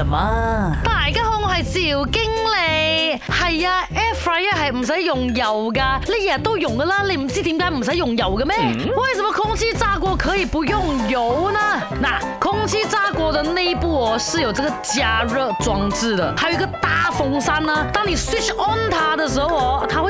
什麼大家好，我係趙經理。係啊，Air Fryer 係唔使用,用油噶，你日日都用噶啦。你唔知點解唔使用油嘅咩？嗯、為什麼空氣炸鍋可以不用油呢？嗱、啊、空氣炸鍋的內部哦，是有這個加熱裝置的，還有一個大風扇呢。當你 switch on 它的時候哦，它會。